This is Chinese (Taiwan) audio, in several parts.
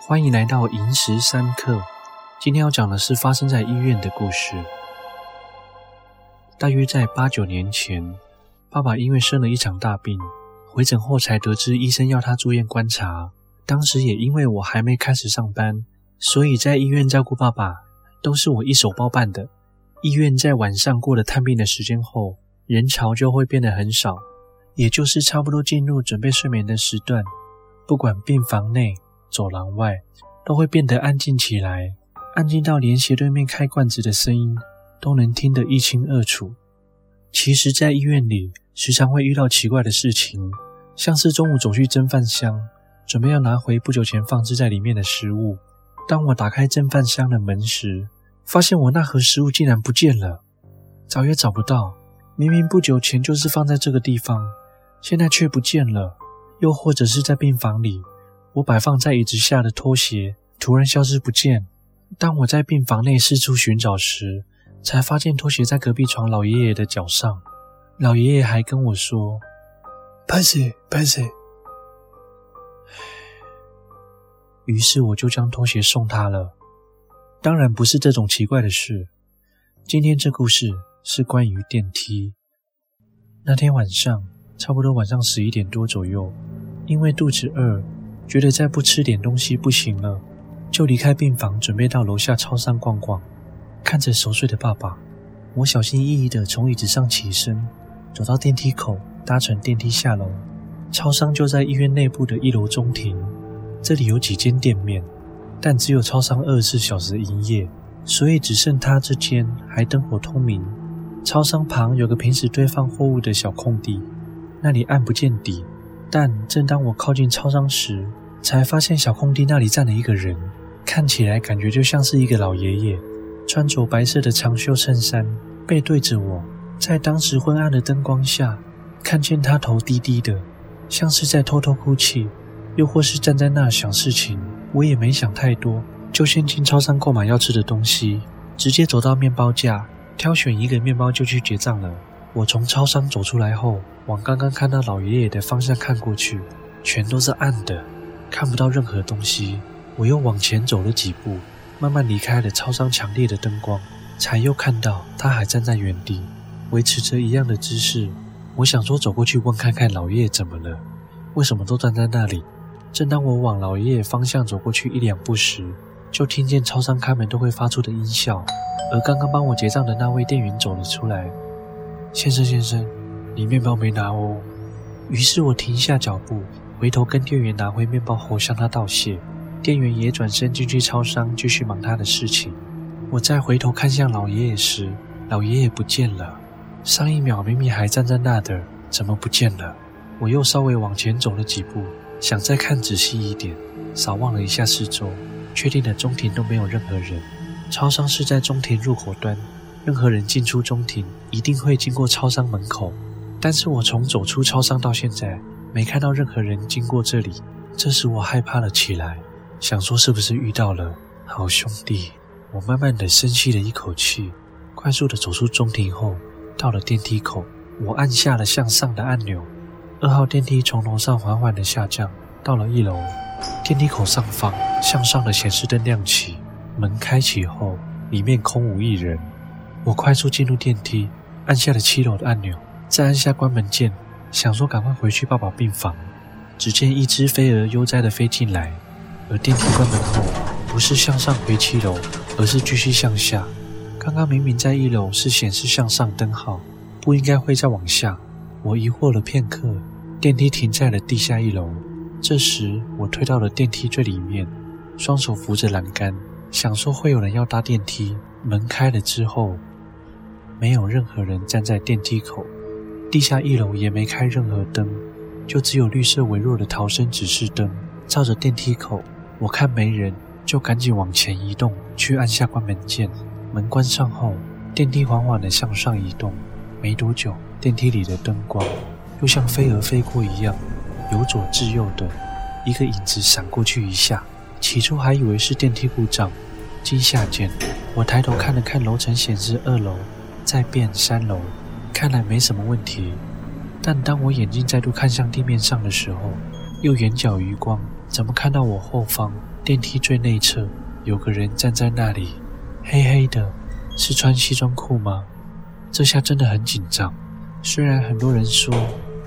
歡迎來到《寅時三刻》，今天要講的是發生在醫院的故事。大約在八九年前，爸爸因為生了一場大病，回診後才得知醫生要他住院觀察。當時也因為我還沒開始上班，所以在醫院照顧爸爸，都是我一手包辦的。醫院在晚上過了探病的時間後，人潮就會變得很少，也就是差不多進入準備睡眠的時段，不管病房內，走廊外都會變得安靜起來，安靜到連斜對面開罐子的聲音都能聽得一清二楚。其實，在醫院裡時常會遇到奇怪的事情，像是中午走去蒸飯箱，準備要拿回不久前放置在裡面的食物。當我打開蒸飯箱的門時，發現我那盒食物竟然不見了，找也找不到。明明不久前就是放在這個地方，現在卻不見了，又或者是在病房裡。我擺放在椅子下的拖鞋突然消失不見。當我在病房內四處尋找時，才發現拖鞋在隔壁床老爺爺的腳上。老爺爺還跟我說：“歹勢，歹勢。”於是我就將拖鞋送他了。當然不是這種奇怪的事。今天這故事是關於電梯。那天晚上，差不多晚上十一點多左右，因為肚子餓，覺得再不吃點東西不行了，就離開病房，準備到樓下超商逛逛。看着熟睡的爸爸，我小心翼翼地從椅子上起身，走到電梯口，搭乘電梯下樓。超商就在醫院內部的一樓中庭，這裡有幾間店面，但只有超商二十四小時營業，所以只剩他這間還燈火通明。超商旁有個平時堆放貨物的小空地，那裡暗不見底，但正當我靠近超商時，才發現小空地那裡站了一個人，看起來感覺就像是一個老爺爺，穿着白色的長袖襯衫，背對着我。在當時昏暗的燈光下，看見他頭低低的，像是在偷偷哭泣，又或是站在那想事情。我也沒想太多，就先進超商購買要吃的東西，直接走到麵包架挑選一個麵包就去結賬了。我從超商走出來後，往剛剛看到老爺爺的方向看過去，全都是暗的。看不到任何東西，我又往前走了幾步，慢慢離開了超商強烈的燈光，才又看到他還站在原地，維持着一樣的姿勢。我想說走過去問看看老葉怎麼了，為什麼都站在那裡。正當我往老葉方向走過去一兩步時，就聽見超商開門都會發出的音效，而剛剛幫我結賬的那位店員走了出來：“先生，先生，你麵包沒拿哦。”於是我停下腳步。回頭跟店員拿回面包後，向他道謝。店員也轉身進去超商，繼續忙他的事情。我再回頭看向老爺爺時，老爺爺不見了。上一秒明明還站在那的，怎麼不見了？我又稍微往前走了幾步，想再看仔細一點，掃望了一下四周，確定了中庭都沒有任何人。超商是在中庭入口端，任何人進出中庭一定會經過超商門口，但是我從走出超商到現在，沒看到任何人經過這裡，這時我害怕了起來，想說是不是遇到了好兄弟。我慢慢的深吸了一口氣，快速的走出中庭後，到了電梯口，我按下了向上的按鈕。二號電梯從樓上緩緩的下降，到了一樓，電梯口上方，向上的顯示燈亮起，門開啟後，裡面空無一人。我快速進入電梯，按下了七樓的按鈕，再按下關門鍵。想說趕快回去爸爸病房，只見一隻飛蛾悠哉的飛進來，而電梯關門後，不是向上回七樓，而是繼續向下。剛剛明明在一樓是顯示向上燈號，不應該會再往下。我疑惑了片刻，電梯停在了地下一樓。這時我退到了電梯最裡面，雙手扶着欄杆，想說會有人要搭電梯。門開了之後，沒有任何人站在電梯口。地下一樓也沒開任何燈，就只有綠色微弱的逃生指示燈照着電梯口。我看沒人，就趕緊往前移動，去按下關門鍵。門關上後，電梯緩緩地向上移動。沒多久，電梯裡的燈光又像飛蛾飛過一樣，由左至右的一個影子閃過去一下。起初還以為是電梯故障，驚嚇間，我抬頭看了看樓層顯示，二樓再變三樓。看來沒什麼問題，但當我眼睛再度看向地面上的時候，右眼角餘光怎麼看到我後方電梯最內側有個人站在那裡？黑黑的，是穿西裝褲嗎？這下真的很緊張。雖然很多人說，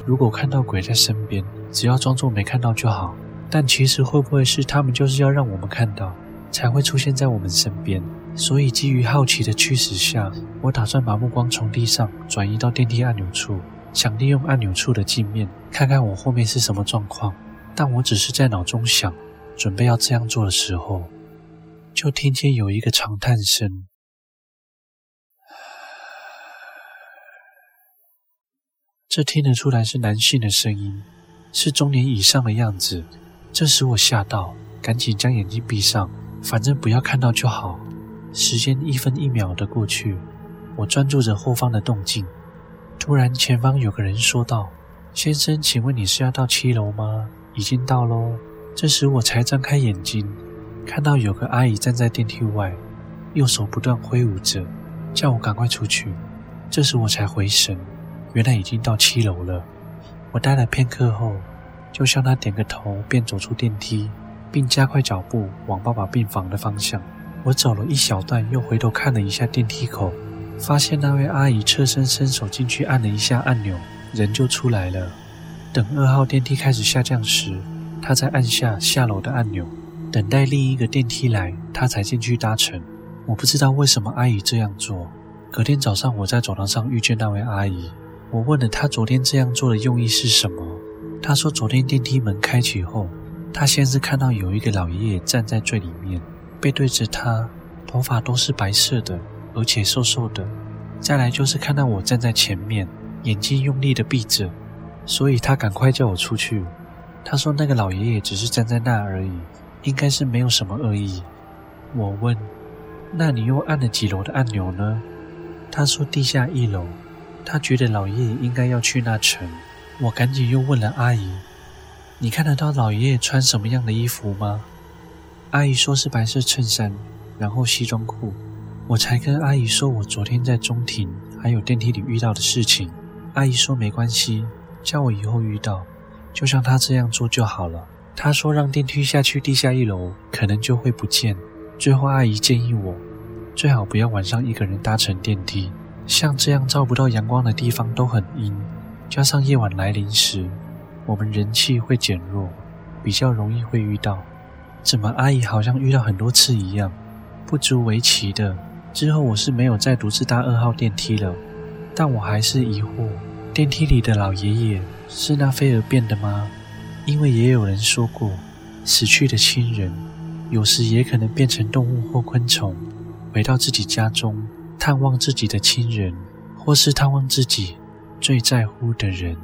如果看到鬼在身邊，只要裝作沒看到就好，但其實會不會是他們就是要讓我們看到，才會出現在我們身邊？所以，基於好奇的驅使下，我打算把目光從地上轉移到電梯按鈕處，想利用按鈕處的鏡面看看我後面是什麼狀況。但我只是在腦中想，準備要這樣做的時候，就聽見有一個長嘆聲。這聽得出來是男性的聲音，是中年以上的樣子。這時我嚇到，趕緊將眼睛閉上，反正不要看到就好。時間一分一秒的過去，我專注着後方的動靜。突然，前方有個人說道：“先生，請問你是要到七樓嗎？”“已經到嘍。”這時我才張開眼睛，看到有個阿姨站在電梯外，右手不斷揮舞着，叫我趕快出去。這時我才回神，原來已經到七樓了。我呆了片刻後，就向她點個頭，便走出電梯，並加快腳步往爸爸病房的方向。我走了一小段，又回頭看了一下電梯口，發現那位阿姨側身伸手進去按了一下按鈕，人就出來了。等二號電梯開始下降時，她再按下下樓的按鈕，等待另一個電梯來，她才進去搭乘。我不知道為什麼阿姨這樣做。隔天早上，我在走廊上遇見那位阿姨，我問了她昨天這樣做的用意是什麼，她說昨天電梯門開啟後，她先是看到有一個老爺爺站在最裡面。背對着他，頭髮都是白色的，而且瘦瘦的。再來就是看到我站在前面，眼睛用力的閉着，所以他趕快叫我出去。他說：“那個老爺爺只是站在那而已，應該是沒有什麼惡意。”我問：“那你又按了幾樓的按鈕呢？”他說：“地下一樓。”他覺得老爺爺應該要去那層。我趕緊又問了阿姨：“你看得到老爺爺穿什麼樣的衣服嗎？”阿姨說是白色襯衫，然後西裝褲。我才跟阿姨說，我昨天在中庭還有電梯裡遇到的事情。阿姨說沒關係，叫我以後遇到，就像她這樣做就好了。她說讓電梯下去地下一樓，可能就會不見。最後，阿姨建議我，最好不要晚上一個人搭乘電梯。像這樣照不到陽光的地方都很陰，加上夜晚來臨時，我們人氣會減弱，比較容易會遇到。怎麼？阿姨好像遇到很多次一樣，不足為奇的。之後我是沒有再獨自搭二號電梯了，但我還是疑惑：電梯裡的老爺爺是那菲爾變的嗎？因為也有人說過，死去的親人有時也可能變成動物或昆蟲，回到自己家中探望自己的親人，或是探望自己最在乎的人。